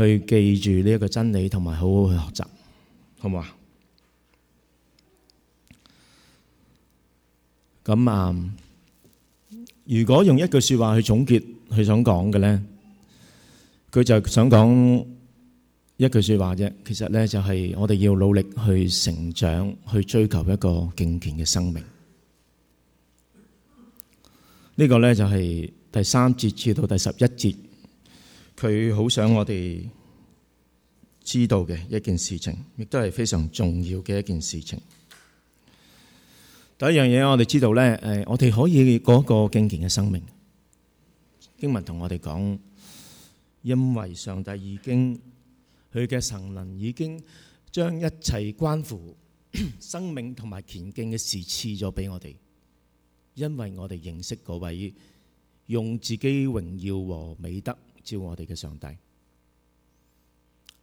去記住呢一個真理，同埋好好去學習，好唔好啊？咁啊，如果用一句說話去總結佢想講嘅咧，佢就想講一句說話啫。其實咧就係我哋要努力去成長，去追求一個健全嘅生命。呢個咧就係第三節至到第十一節。佢好想我哋知道嘅一件事情，亦都係非常重要嘅一件事情。第一樣嘢，我哋知道咧，誒，我哋可以過個敬虔嘅生命。經文同我哋講，因為上帝已經佢嘅神能已經將一切關乎生命同埋敬虔嘅事賜咗俾我哋，因為我哋認識嗰位用自己榮耀和美德，照我哋嘅上帝，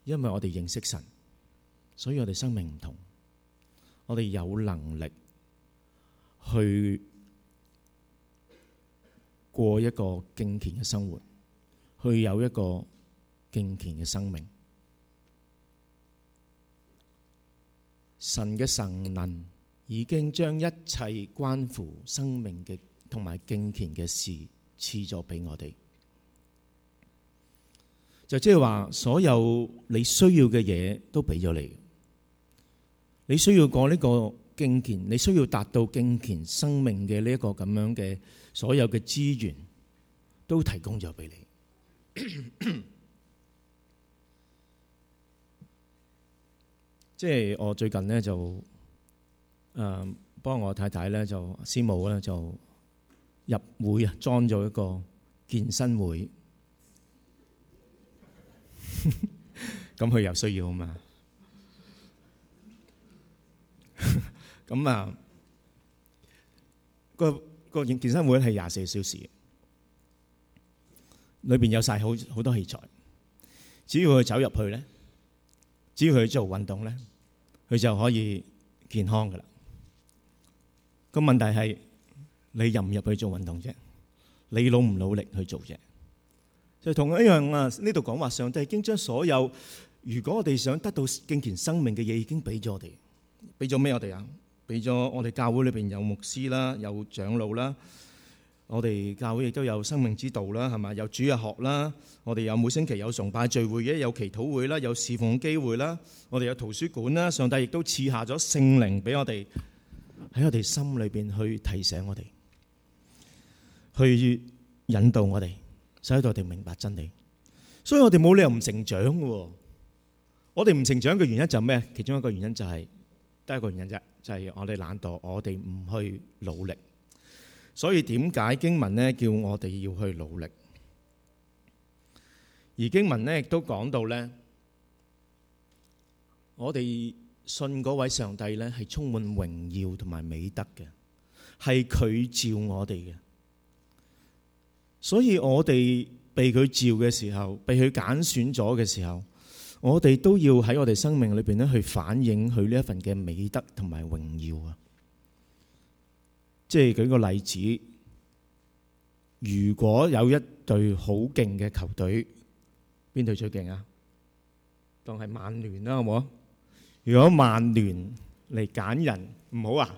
因為我哋認識神，所以我哋生命唔同，我哋有能力去過一個敬虔嘅生活，去有一個敬虔嘅生命。神嘅神能已經將一切關乎生命嘅同埋敬虔嘅事賜咗俾我哋。就即係話，所有你需要嘅嘢都俾咗你。你需要過呢個敬虔，你需要達到敬虔生命嘅呢一個咁樣嘅所有嘅資源，都提供咗俾你。即係、 就是、我最近咧就，誒、呃，幫我太太咧就師母咧就入會啊，裝咗一個健身會。咁佢又需要嘛？咁啊，個個健健身會係廿四小時嘅，裏邊有晒好好多器材。只要佢走入去咧，只要佢做運動咧，佢就可以健康噶啦。個問題係你入唔入去做運動啫？你努唔努力去做啫？就同一樣啊！呢度講話上，上帝已經將所有，如果我哋想得到敬虔生命嘅嘢，已經俾咗我哋。俾咗咩我哋啊？俾咗我哋教會裏面有牧師啦，有長老啦。我哋教會亦都有生命之道啦，係咪？有主日學啦，我哋有每星期有崇拜聚會嘅，有祈禱會啦，有侍奉機會啦。我哋有圖書館啦，上帝亦都賜下咗聖靈俾我哋喺我哋心裏面去提醒我哋，去引導我哋。使到我哋明白真理，所以我哋冇理由唔成長嘅。我哋唔成長嘅原因就咩？其中一個原因就係、是，第一個原因啫，就係、是、我哋懶惰，我哋唔去努力。所以點解經文咧叫我哋要去努力？而經文咧亦都講到咧，我哋信嗰位上帝咧係充滿榮耀同埋美德嘅，係佢照我哋嘅。所以我哋被佢召嘅時候，被佢揀選咗嘅時候，我哋都要喺我哋生命裏邊咧去反映佢呢一份嘅美德同埋榮耀啊！即係舉個例子，如果有一隊好勁嘅球隊，邊隊最勁啊？當係曼聯啦，好冇啊！如果曼聯嚟揀人唔好啊，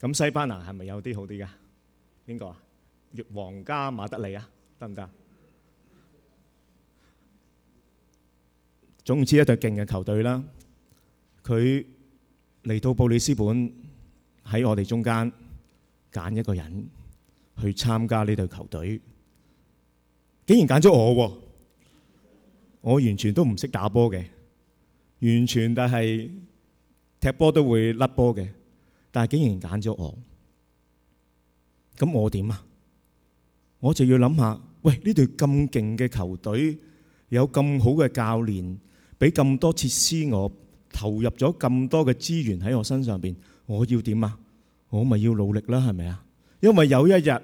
咁西班牙係咪有啲好啲噶？邊個啊？皇家馬德里啊，得唔得？總之一隊勁嘅球隊啦，佢嚟到布里斯本喺我哋中間揀一個人去參加呢隊球隊，竟然揀咗我喎！我完全都唔識打波嘅，完全都係踢波都會甩波嘅，但係竟然揀咗我，咁我點啊？我就要諗下，喂，呢隊咁勁嘅球隊，有咁好嘅教練，俾咁多設施我，投入咗咁多嘅資源喺我身上邊，我要點啊？我咪要努力啦，係咪啊？因為有一日呢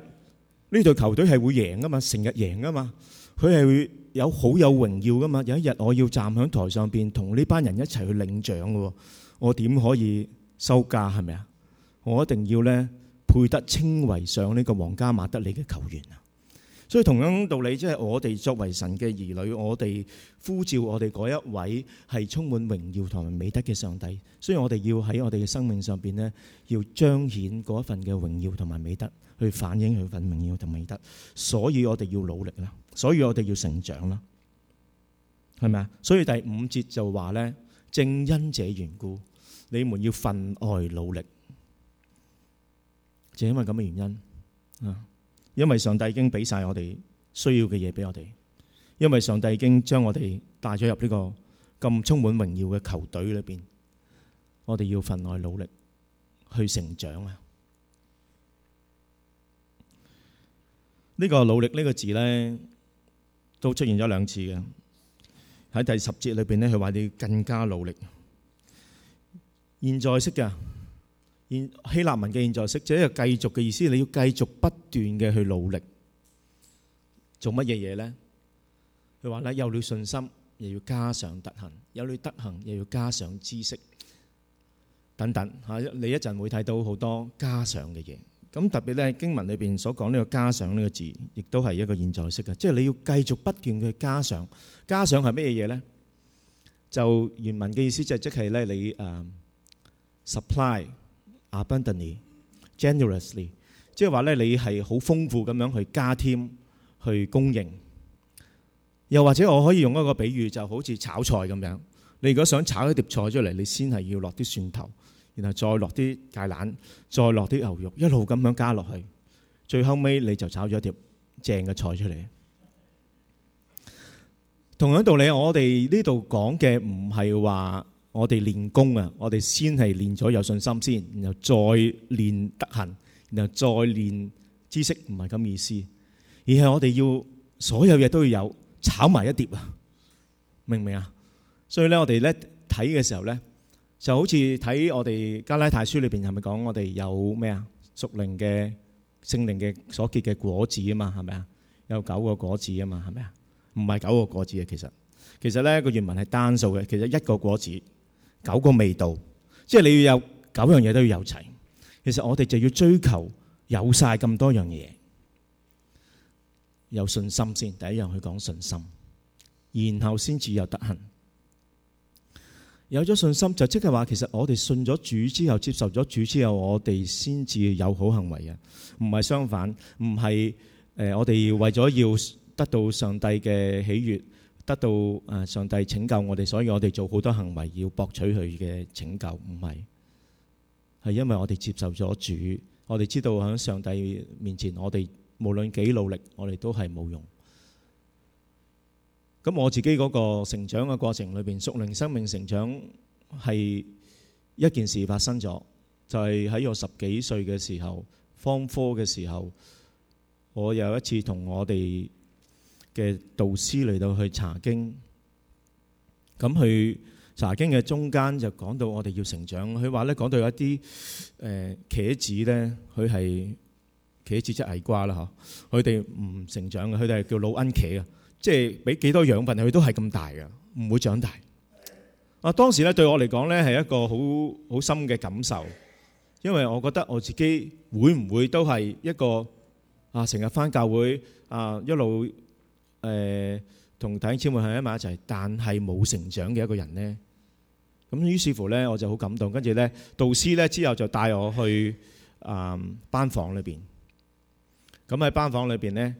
隊球隊係會贏啊嘛，成日贏啊嘛，佢係會有好有榮耀噶嘛。有一日我要站喺台上邊，同呢班人一齊去領獎噶，我點可以收㗎？係咪啊？我一定要呢配得稱為上呢個皇家馬德里嘅球員啊！所以同樣道理，即係我哋作為神嘅兒女，我哋呼召我哋嗰一位係充滿榮耀同埋美德嘅上帝。所以我哋要喺我哋嘅生命上面呢，要彰顯嗰一份嘅榮耀同埋美德，去反映佢份榮耀同美德。所以我哋要努力啦，所以我哋要成長啦，係咪啊？所以第五節就話呢，正因這緣故，你們要分外努力。就因為咁嘅原因，啊。因為上帝已經俾晒我哋需要嘅嘢俾我哋，因為上帝已經將我哋帶咗入呢個咁充滿榮耀嘅球隊裏邊，我哋要分外努力去成長啊！呢、這個努力呢個字呢，都出現咗兩次嘅喺第十節裏邊咧，佢話你要更加努力，現在識㗎。現希臘文嘅現在式，即係一個繼續嘅意思。你要繼續不斷嘅去努力做乜嘢嘢咧？佢話咧，有了信心，又要加上德行；有了德行，又要加上知識等等嚇。你一陣會睇到好多加上嘅嘢。咁特別咧，經文裏邊所講呢個加上呢個字，亦都係一個現在式嘅，即係你要繼續不斷嘅加上。加上係乜嘢嘢咧？就原文嘅意思就係即係咧，你誒 supply。abundantly, generously，即係話咧，你係好豐富咁樣去加添，去供應。又或者，我可以用一個比喻，就好似炒菜咁樣。你如果想炒一碟菜出嚟，你先係要落啲蒜頭，然後再落啲芥蘭，再落啲牛肉，一路咁樣加落去，最後尾，你就炒咗一碟正嘅菜出嚟。同樣道理，我哋呢度講嘅唔係話。我哋練功啊！我哋先係練咗有信心先，然後再練德行，然後再練知識，唔係咁意思。而係我哋要所有嘢，都要有炒埋一碟啊！明唔明啊？所以咧，我哋咧睇嘅時候咧，就好似睇我哋加拉太書裏邊係咪講我哋有咩啊？屬靈嘅聖靈嘅所結嘅果子啊嘛，係咪啊？有九個果子啊嘛，係咪啊？唔係九個果子啊，其實其實咧個原文係單數嘅，其實一個果子。九個味道，即係你要有九樣嘢都要有齊。其實我哋就要追求有晒咁多樣嘢，有信心先。第一樣去講信心，然後先至有得行。有咗信心就即係話，其實我哋信咗主之後，接受咗主之後，我哋先至有好行為嘅，唔係相反，唔係誒，我哋為咗要得到上帝嘅喜悅。得到誒上帝拯救我哋，所以我哋做好多行為要博取佢嘅拯救，唔係，係因為我哋接受咗主，我哋知道響上帝面前，我哋無論幾努力，我哋都係冇用。咁我自己嗰個成長嘅過程裏邊屬靈生命成長係一件事發生咗，就係、是、喺我十幾歲嘅時候，方科嘅時候，我有一次同我哋。嘅導師嚟到去查經，咁去查經嘅中間就講到我哋要成長。佢話咧講到有一啲誒、呃、茄子咧，佢係茄子即係矮瓜啦嗬，佢哋唔成長嘅，佢哋係叫老翁茄啊，即係俾幾多養分佢都係咁大嘅，唔會長大。啊，當時咧對我嚟講咧係一個好好深嘅感受，因為我覺得我自己會唔會都係一個啊，成日返教會啊一路。誒同弟兄姊妹喺埋一齊，但係冇成長嘅一個人咧。咁於是乎咧，我就好感動。跟住咧，導師咧之後就帶我去啊、呃、班房裏邊。咁喺班房裏邊咧，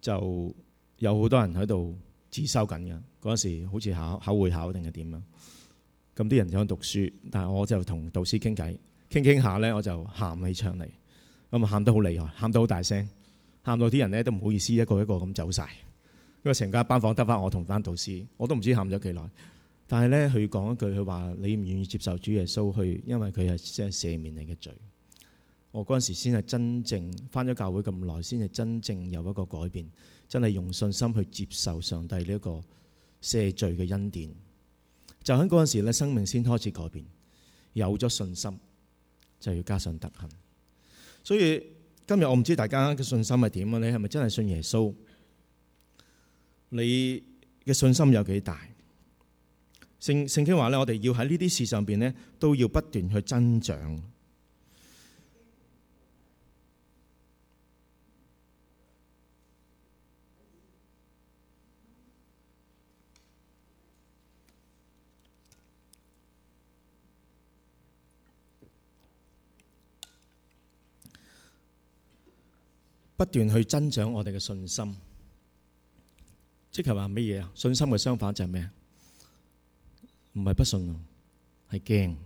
就有好多人喺度自修緊嘅嗰陣時候好像，好似考口會考定係點啊？咁啲人想讀書，但係我就同導師傾偈傾傾下咧，我就喊起上嚟咁，喊得好厲害，喊得好大聲，喊到啲人咧都唔好意思，一個一個咁走晒。因為成間班房得翻我同班導師，我都唔知喊咗幾耐。但係咧，佢講一句，佢話你唔願意接受主耶穌去，因為佢係即係赦免你嘅罪。我嗰陣時先係真正翻咗教會咁耐，先係真正有一個改變，真係用信心去接受上帝呢一個赦罪嘅恩典。就喺嗰陣時咧，生命先開始改變，有咗信心就要加上德行。所以今日我唔知大家嘅信心係點啊？你係咪真係信耶穌？你嘅信心有幾大？聖聖經話咧，我哋要喺呢啲事上邊咧，都要不斷去增長，不斷去增長我哋嘅信心。即係話乜嘢啊？信心嘅相反就係咩啊？唔係不信，係驚。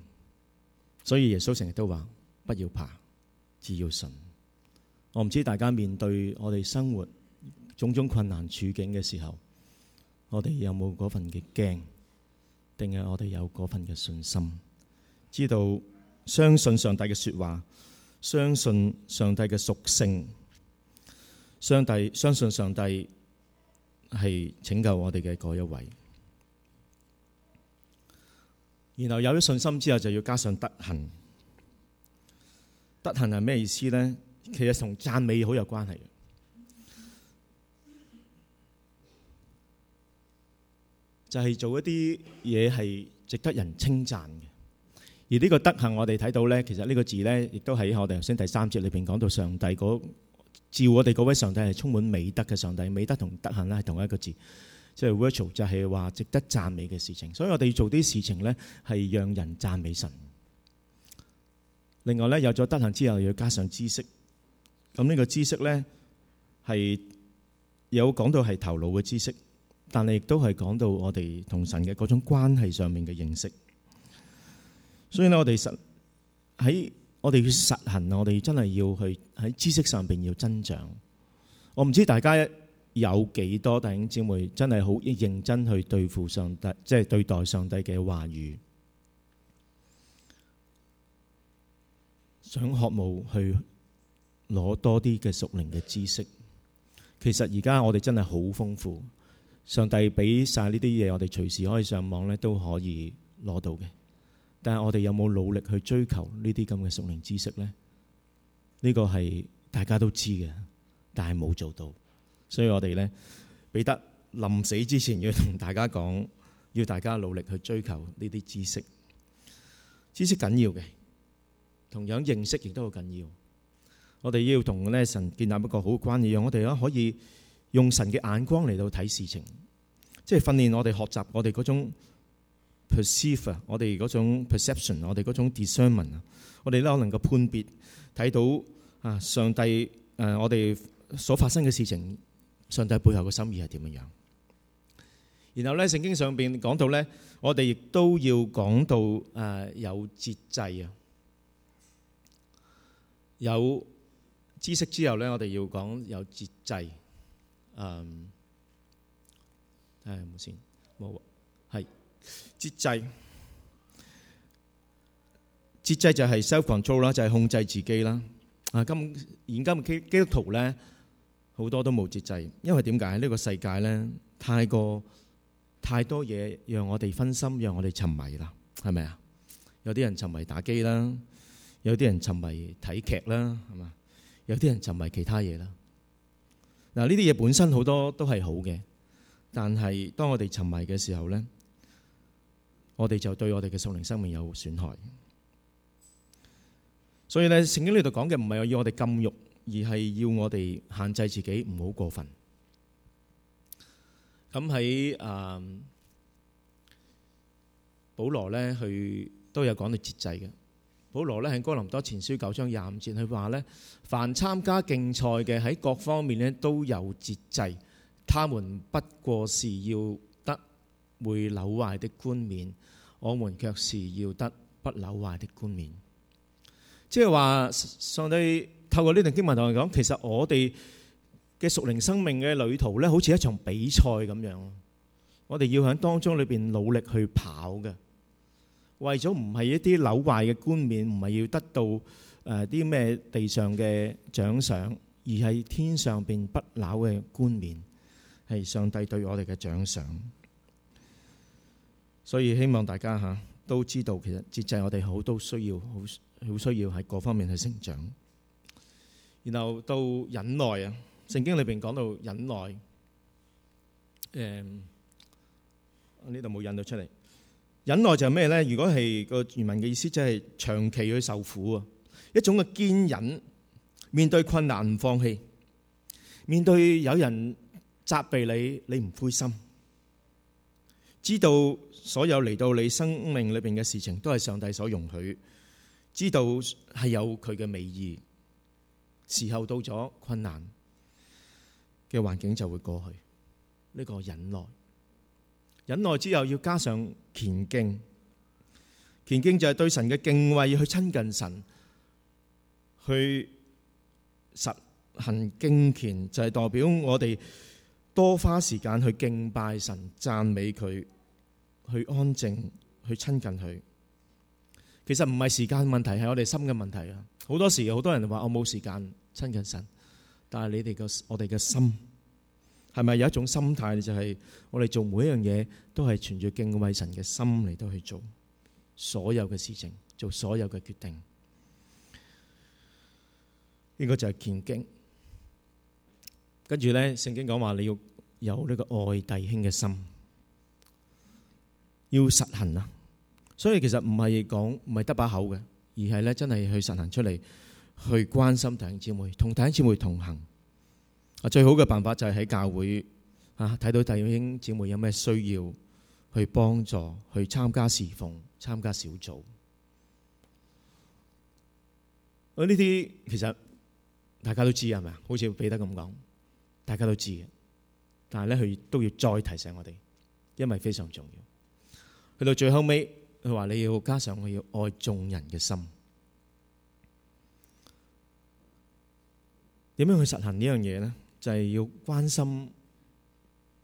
所以耶穌成日都話：不要怕，只要信。我唔知大家面對我哋生活種種困難處境嘅時候，我哋有冇嗰份嘅驚，定係我哋有嗰份嘅信心，知道相信上帝嘅說話，相信上帝嘅屬性，上帝相信上帝。係拯救我哋嘅嗰一位，然後有咗信心之後，就要加上德行。德行係咩意思咧？其實同讚美好有關係，就係做一啲嘢係值得人稱讚嘅。而呢個德行，我哋睇到咧，其實呢個字咧，亦都喺我哋頭先第三節裏邊講到上帝嗰。照我哋嗰位上帝係充滿美德嘅上帝，美德同德行咧係同一個字，即係 virtual 就係話值得讚美嘅事情。所以我哋要做啲事情咧係讓人讚美神。另外咧，有咗德行之後，要加上知識。咁呢個知識咧係有講到係頭腦嘅知識，但係亦都係講到我哋同神嘅嗰種關係上面嘅認識。所以咧，我哋實喺。我哋要實行，我哋真係要去喺知識上邊要增長。我唔知大家有幾多弟兄姊妹真係好認真去對付上帝，即係對待上帝嘅話語，想學冇去攞多啲嘅屬靈嘅知識。其實而家我哋真係好豐富，上帝俾晒呢啲嘢，我哋隨時可以上網咧，都可以攞到嘅。但係我哋有冇努力去追求呢啲咁嘅熟齡知識呢？呢、呢個係大家都知嘅，但係冇做到。所以我哋咧彼得臨死之前要同大家講，要大家努力去追求呢啲知識。知識緊要嘅，同樣認識亦都好緊要。我哋要同咧神建立一個好關係，讓我哋咧可以用神嘅眼光嚟到睇事情，即係訓練我哋學習我哋嗰種。perceive 啊，我哋嗰種 perception，我哋嗰種 discernment，我哋都能夠判別睇到啊上帝誒、呃，我哋所發生嘅事情，上帝背後嘅心意係點樣？然後咧，聖經上邊講到咧，我哋亦都要講到誒、呃、有節制啊，有知識之後咧，我哋要講有節制。嗯，睇下冇先，冇。節制，節制就係 self control 啦，就係控制自己啦。啊，今現今基督徒咧，好多都冇節制，因為點解呢個世界咧太過太多嘢讓我哋分心，讓我哋沉迷啦，係咪啊？有啲人沉迷打機啦，有啲人沉迷睇劇啦，係嘛？有啲人沉迷其他嘢啦。嗱，呢啲嘢本身好多都係好嘅，但係當我哋沉迷嘅時候咧。我哋就對我哋嘅心靈生命有損害，所以呢，聖經呢度講嘅唔係要我哋禁欲，而係要我哋限制自己唔好過分那。咁喺啊，保羅呢，佢都有講到節制嘅。保羅呢，喺哥林多前書九章廿五節，佢話呢，凡參加競賽嘅喺各方面呢都有節制，他們不過是要會朽壞的冠冕，我們卻是要得不朽壞的冠冕。即係話，上帝透過呢段經文同我講，其實我哋嘅屬靈生命嘅旅途咧，好似一場比賽咁樣。我哋要喺當中裏邊努力去跑嘅，為咗唔係一啲朽壞嘅冠冕，唔係要得到誒啲咩地上嘅獎賞，而係天上邊不朽嘅冠冕，係上帝對我哋嘅獎賞。所以希望大家嚇都知道，其實節制我哋好都需要，好好需要喺各方面去成長。然後到忍耐啊，聖經裏邊講到忍耐，誒呢度冇引到出嚟。忍耐就係咩咧？如果係個原文嘅意思，即係長期去受苦啊，一種嘅堅忍，面對困難唔放棄，面對有人責備你，你唔灰心，知道所有嚟到你生命裏邊嘅事情都係上帝所容許，知道係有佢嘅美意。時候到咗困難嘅環境就會過去。呢、這個忍耐，忍耐之後要加上虔敬，虔敬就係對神嘅敬畏，去親近神，去實行敬虔，就係、是、代表我哋多花時間去敬拜神、讚美佢。去安靜，去親近佢。其實唔係時間問題，係我哋心嘅問題啊！好多時，好多人話我冇時間親近神，但係你哋個我哋嘅心，係咪有一種心態就係、是、我哋做每一樣嘢都係存住敬畏神嘅心嚟到去做所有嘅事情，做所有嘅決定？呢、這個就係虔敬。跟住咧，聖經講話你要有呢個愛弟兄嘅心。要實行啊，所以其實唔係講，唔係得把口嘅，而係咧真係去實行出嚟，去關心弟兄姊妹，同弟兄姊妹同行啊。最好嘅辦法就係喺教會啊，睇到弟兄姊妹有咩需要，去幫助，去參加侍奉，參加小組。啊，呢啲其實大家都知係咪啊？好似彼得咁講，大家都知嘅，但係咧佢都要再提醒我哋，因為非常重要。去到最後尾，佢話你要加上我要愛眾人嘅心。點樣去實行呢樣嘢呢？就係要關心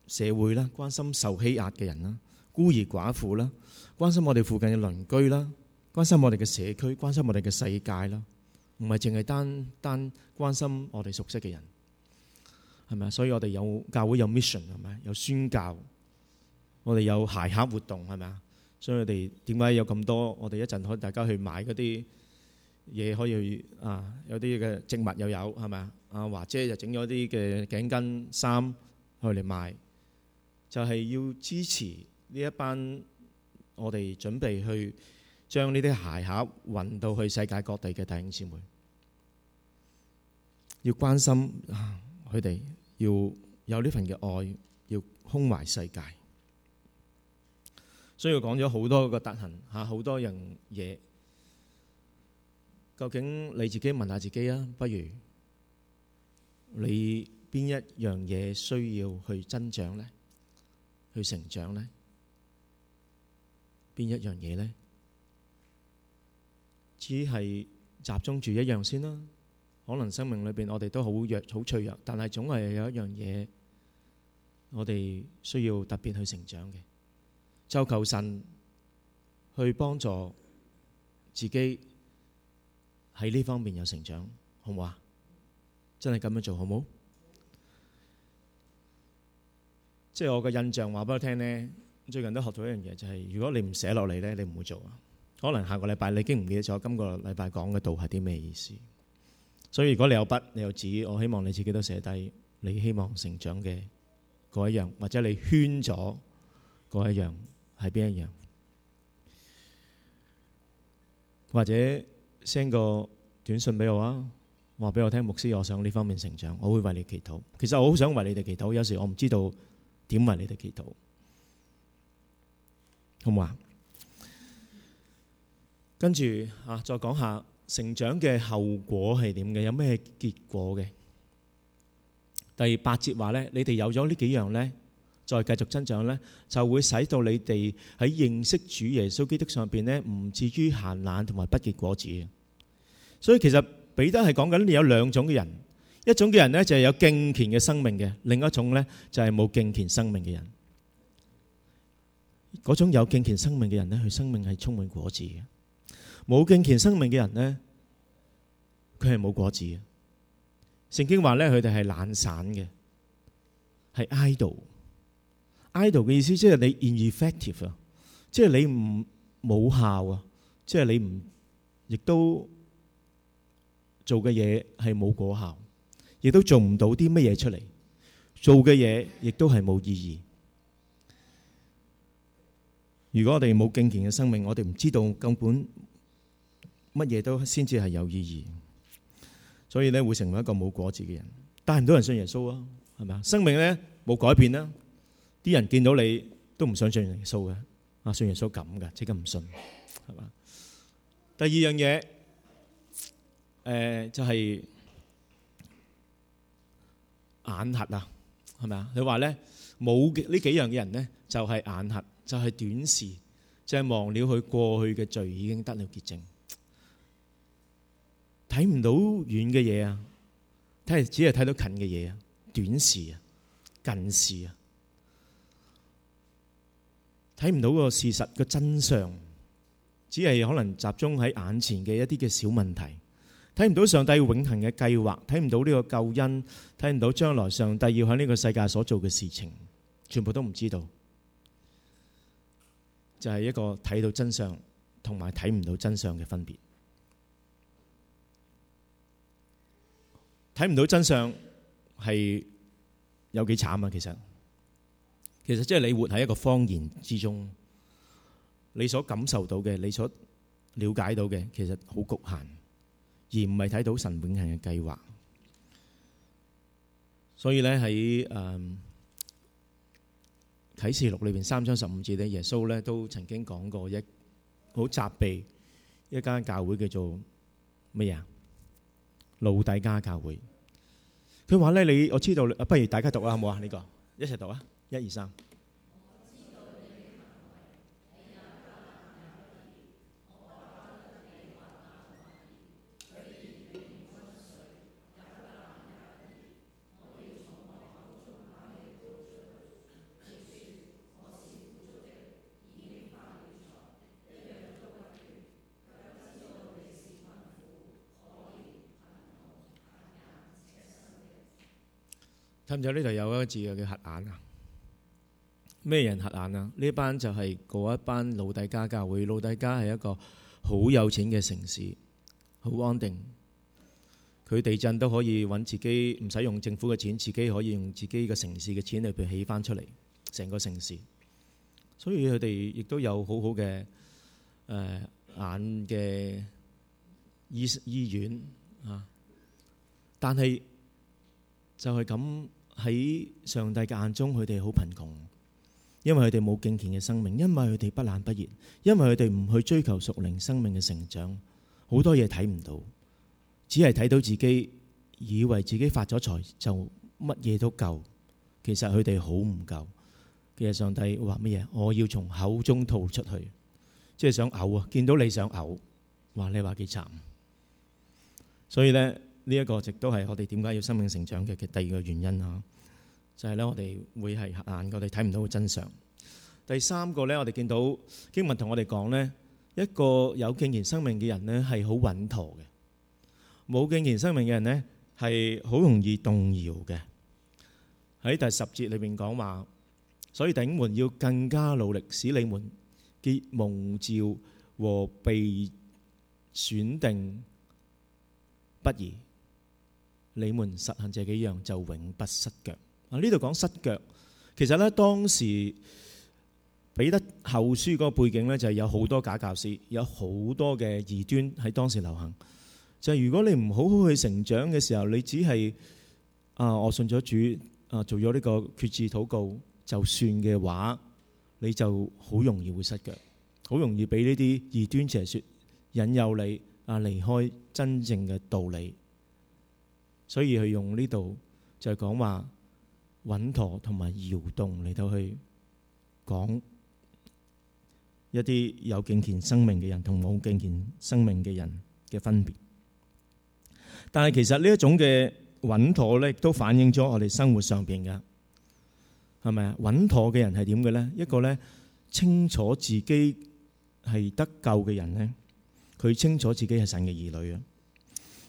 社會啦，關心受欺壓嘅人啦，孤兒寡婦啦，關心我哋附近嘅鄰居啦，關心我哋嘅社區，關心我哋嘅世界啦。唔係淨係單單關心我哋熟悉嘅人，係咪啊？所以我哋有教會有 mission 係咪？有宣教。我哋有鞋盒活動係咪啊？所以我哋點解有咁多？我哋一陣可以大家去買嗰啲嘢，可以去啊。有啲嘅植物又有係咪啊？阿華姐就整咗啲嘅頸巾衫去嚟賣，就係要支持呢一班我哋準備去將呢啲鞋盒運到去世界各地嘅弟兄姊妹，要關心佢哋，要有呢份嘅愛，要胸懷世界。所以講咗好多個德行嚇，好多樣嘢。究竟你自己問下自己啊？不如你邊一樣嘢需要去增長呢？去成長呢？邊一樣嘢呢？只係集中住一樣先啦。可能生命裏面我哋都好弱，好脆弱，但係總係有一樣嘢，我哋需要特別去成長嘅。周求，求神去幫助自己喺呢方面有成長，好唔好啊？真係咁樣做好唔好？嗯、即係我嘅印象，話俾你聽呢，最近都學咗一樣嘢，就是，就係如果你唔寫落嚟，呢你唔會做啊。可能下個禮拜你已經唔記得咗今個禮拜講嘅道係啲咩意思。所以如果你有筆，你有紙，我希望你自己都寫低你希望成長嘅嗰一樣，或者你圈咗嗰一樣。係邊一樣？或者 send 個短信俾我啊，話俾我聽牧師，我想呢方面成長，我會為你祈禱。其實我好想為你哋祈禱，有時我唔知道點為你哋祈禱，好唔好啊？跟住啊，再講下成長嘅後果係點嘅？有咩結果嘅？第八節話咧，你哋有咗呢幾樣咧。再繼續增長咧，就會使到你哋喺認識主耶穌基督上邊咧，唔至於閒懶同埋不結果子。所以其實彼得係講緊你有兩種嘅人，一種嘅人咧就係有敬虔嘅生命嘅，另一種咧就係冇敬虔生命嘅人。嗰種有敬虔生命嘅人咧，佢生命係充滿果子嘅；冇敬虔生命嘅人咧，佢係冇果子嘅。聖經話咧，佢哋係懶散嘅，係 idle。idol 嘅意思即係你 ineffective 啊，即係、就是、你唔冇效啊，即係你唔亦都做嘅嘢係冇果效，亦都做唔到啲乜嘢出嚟，做嘅嘢亦都係冇意義。如果我哋冇敬虔嘅生命，我哋唔知道根本乜嘢都先至係有意義，所以咧會成為一個冇果子嘅人，帶唔到人信耶穌啊，係咪啊？生命咧冇改變啦。啲人見到你都唔想信耶穌嘅，啊，信耶穌咁噶，即刻唔信係嘛？第二樣嘢，誒、呃、就係、是、眼核啊，係咪啊？你話咧冇呢幾樣嘅人咧，就係、是、眼核，就係、是、短視，就係、是、忘了佢過去嘅罪已經得了潔淨，睇唔到遠嘅嘢啊，睇只係睇到近嘅嘢啊，短視啊，近視啊。睇唔到個事實個真相，只係可能集中喺眼前嘅一啲嘅小問題，睇唔到上帝要永恒嘅計劃，睇唔到呢個救恩，睇唔到將來上帝要喺呢個世界所做嘅事情，全部都唔知道。就係一個睇到真相同埋睇唔到真相嘅分別。睇唔到真相係有幾慘啊，其實。其實即係你活喺一個謊言之中，你所感受到嘅，你所了解到嘅，其實好局限，而唔係睇到神永恒嘅計劃。所以咧喺誒啟示錄裏邊三章十五節，咧，耶穌咧都曾經講過一好責備一間教會，叫做乜嘢啊？老底嘉教會。佢話咧：你我知道，不如大家讀啊，好唔好啊？呢、這個一齊讀啊！一二三。睇唔睇到呢？度有一個字啊，叫瞎眼啊。咩人瞎眼啊？呢班就係嗰一班老底家教會。老底家係一個好有錢嘅城市，好安定。佢地震都可以揾自己唔使用，用政府嘅錢，自己可以用自己嘅城市嘅錢嚟，譬起翻出嚟成個城市。所以佢哋亦都有好好嘅誒眼嘅醫醫院啊。但係就係咁喺上帝嘅眼中，佢哋好貧窮。因為佢哋冇敬虔嘅生命，因為佢哋不冷不熱，因為佢哋唔去追求屬靈生命嘅成長，好多嘢睇唔到，只係睇到自己以為自己發咗財就乜嘢都夠，其實佢哋好唔夠。其實上帝話乜嘢？我要從口中吐出去，即係想嘔啊！見到你想嘔，話你話幾慘。所以呢，呢、這、一個直都係我哋點解要生命成長嘅嘅第二個原因啊。就係咧，我哋會係瞎眼，我哋睇唔到嘅真相。第三個咧，我哋見到經文同我哋講咧，一個有敬虔生命嘅人咧係好穩妥嘅，冇敬虔生命嘅人咧係好容易動搖嘅。喺第十節裏邊講話，所以弟兄們要更加努力，使你們結蒙照和被選定不移，你們實行這幾樣就永不失腳。呢度講失腳，其實咧當時彼得後書嗰個背景咧，就係、是、有好多假教師，有好多嘅異端喺當時流行。就係、是、如果你唔好好去成長嘅時候，你只係啊，我信咗主啊，做咗呢個決志禱告就算嘅話，你就好容易會失腳，好容易俾呢啲異端邪説引誘你啊，離開真正嘅道理。所以佢用呢度就係講話。穩妥同埋搖動嚟，到去講一啲有敬虔生命嘅人同冇敬虔生命嘅人嘅分別。但係其實呢一種嘅穩妥咧，都反映咗我哋生活上邊噶，係咪啊？穩妥嘅人係點嘅咧？一個咧清楚自己係得救嘅人咧，佢清楚自己係神嘅兒女啊。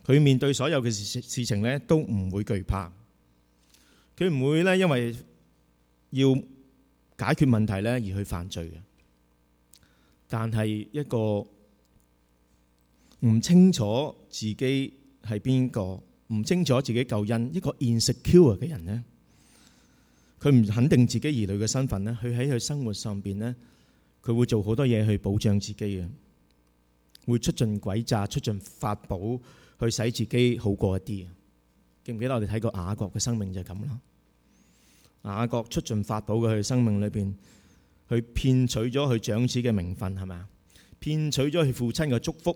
佢面對所有嘅事情咧，都唔會懼怕。佢唔會咧，因為要解決問題咧而去犯罪嘅。但係一個唔清楚自己係邊個、唔清楚自己救恩，一個 insecure 嘅人咧，佢唔肯定自己兒女嘅身份咧，佢喺佢生活上邊咧，佢會做好多嘢去保障自己嘅，會出盡詭詐、出盡法寶去使自己好過一啲。記唔記得我哋睇過雅各嘅生命就係咁啦？雅各出盡法寶嘅去生命裏邊，去騙取咗佢長子嘅名分係咪？騙取咗佢父親嘅祝福。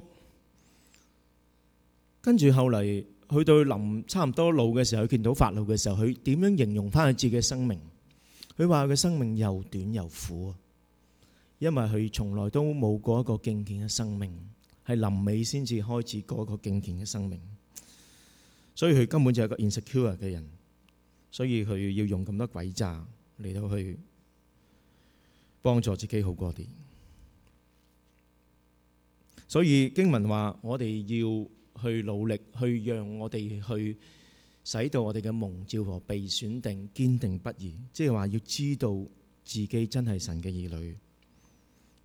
跟住後嚟去到臨差唔多老嘅時候，佢見到法老嘅時候，佢點樣形容翻佢自己嘅生命？佢話佢生命又短又苦，因為佢從來都冇過一個敬虔嘅生命，係臨尾先至開始過一個敬虔嘅生命。所以佢根本就係一個 insecure 嘅人，所以佢要用咁多詭詐嚟，到去幫助自己好過啲。所以經文話我哋要去努力去讓我哋去使到我哋嘅蒙召和被選定堅定不移，即係話要知道自己真係神嘅兒女，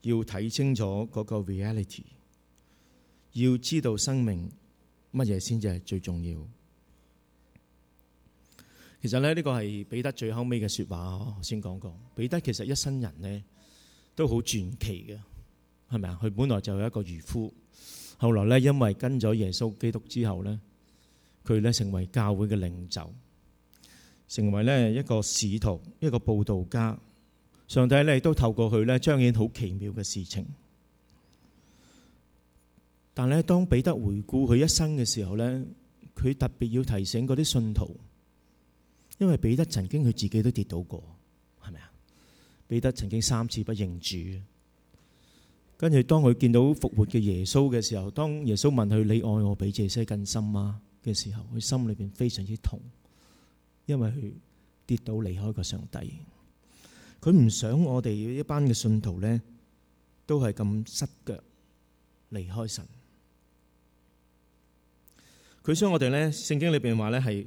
要睇清楚嗰個 reality，要知道生命乜嘢先至係最重要。其實呢，呢個係彼得最後尾嘅說話，我先講講。彼得其實一生人呢都好傳奇嘅，係咪啊？佢本來就有一個漁夫，後來呢，因為跟咗耶穌基督之後呢，佢呢成為教會嘅領袖，成為呢一個使徒，一個佈道家。上帝呢都透過佢呢彰顯好奇妙嘅事情。但呢當彼得回顧佢一生嘅時候呢，佢特別要提醒嗰啲信徒。因為彼得曾經佢自己都跌倒過，係咪啊？彼得曾經三次不認主，跟住當佢見到復活嘅耶穌嘅時候，當耶穌問佢你愛我比這些更深嗎，啊、嘅時候，佢心裏邊非常之痛，因為佢跌倒離開個上帝。佢唔想我哋一班嘅信徒呢都係咁失腳離開神。佢想我哋呢聖經裏邊話呢係。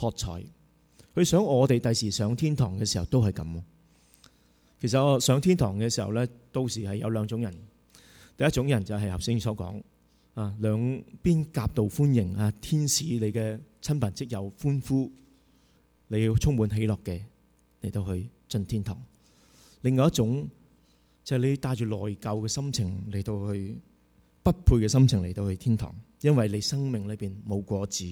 喝彩！佢想我哋第時上天堂嘅時候都係咁。其實我上天堂嘅時候咧，到時係有兩種人。第一種人就係頭先所講啊，兩邊夾道歡迎啊，天使你嘅親朋戚友歡呼，你要充滿喜樂嘅嚟到去進天堂。另外一種就係、是、你帶住內疚嘅心情嚟到去，不配嘅心情嚟到去天堂，因為你生命裏邊冇果子。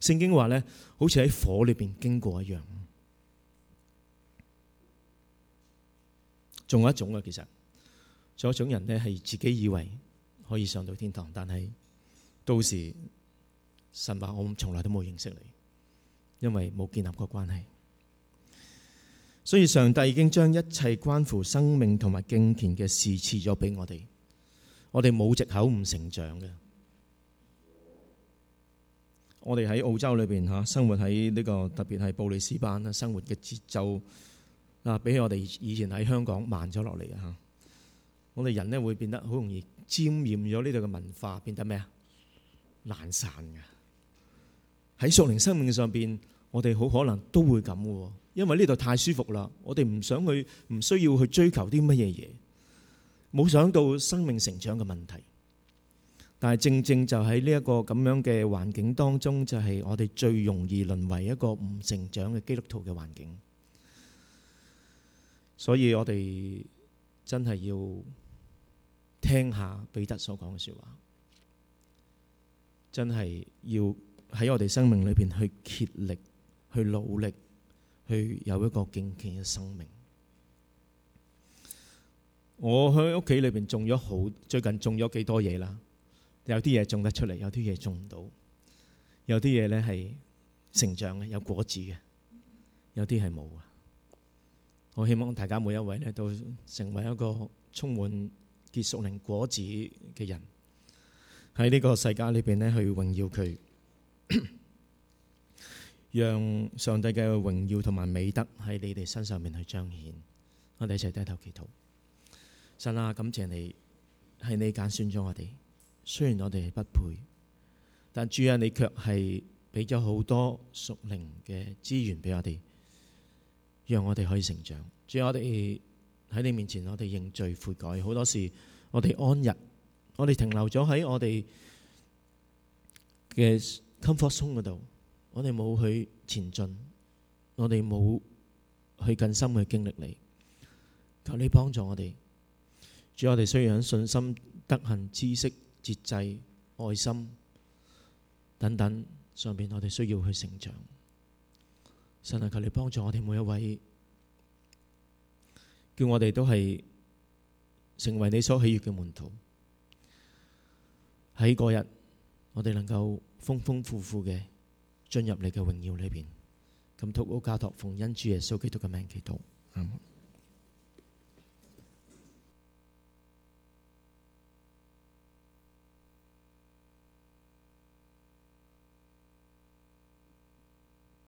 聖經話咧，好似喺火裏邊經過一樣。仲有一種啊，其實仲有一種人呢，係自己以為可以上到天堂，但係到時神話我從來都冇認識你，因為冇建立過關係。所以上帝已經將一切關乎生命同埋敬虔嘅事賜咗俾我哋，我哋冇藉口唔成長嘅。我哋喺澳洲裏邊吓，生活喺呢、這個特別係布里斯班啦，生活嘅節奏啊，比起我哋以前喺香港慢咗落嚟啊！我哋人咧會變得好容易沾染咗呢度嘅文化，變得咩啊？爛散嘅。喺屬靈生命上邊，我哋好可能都會咁嘅，因為呢度太舒服啦，我哋唔想去，唔需要去追求啲乜嘢嘢，冇想到生命成長嘅問題。但係正正就喺呢一個咁樣嘅環境當中，就係我哋最容易淪為一個唔成長嘅基督徒嘅環境。所以我哋真係要聽下彼得所講嘅說話，真係要喺我哋生命裏邊去竭力，去努力，去有一個敬虔嘅生命。我喺屋企裏邊種咗好最近種咗幾多嘢啦。有啲嘢種得出嚟，有啲嘢種唔到，有啲嘢咧係成長嘅，有果子嘅，有啲係冇啊！我希望大家每一位咧都成為一個充滿結熟靈果子嘅人，喺呢個世界裏邊咧去榮耀佢，讓上帝嘅榮耀同埋美德喺你哋身上面去彰顯。我哋一齊低頭祈禱，神啊，感謝你，係你揀選咗我哋。雖然我哋係不配，但主啊，你卻係俾咗好多屬靈嘅資源俾我哋，讓我哋可以成長。主啊，我哋喺你面前，我哋認罪悔改。好多時我哋安逸，我哋停留咗喺我哋嘅 comfort zone 嗰度，我哋冇去前進，我哋冇去更深嘅經歷你。求你幫助我哋。主啊，我哋需要喺信心、德行、知識。節制、愛心等等上邊，我哋需要去成長。神啊，求你幫助我哋每一位，叫我哋都係成為你所喜悅嘅門徒。喺嗰日，我哋能夠豐豐富富嘅進入你嘅榮耀裏邊。咁禱告，交託奉恩主耶穌基督嘅名祈禱，祈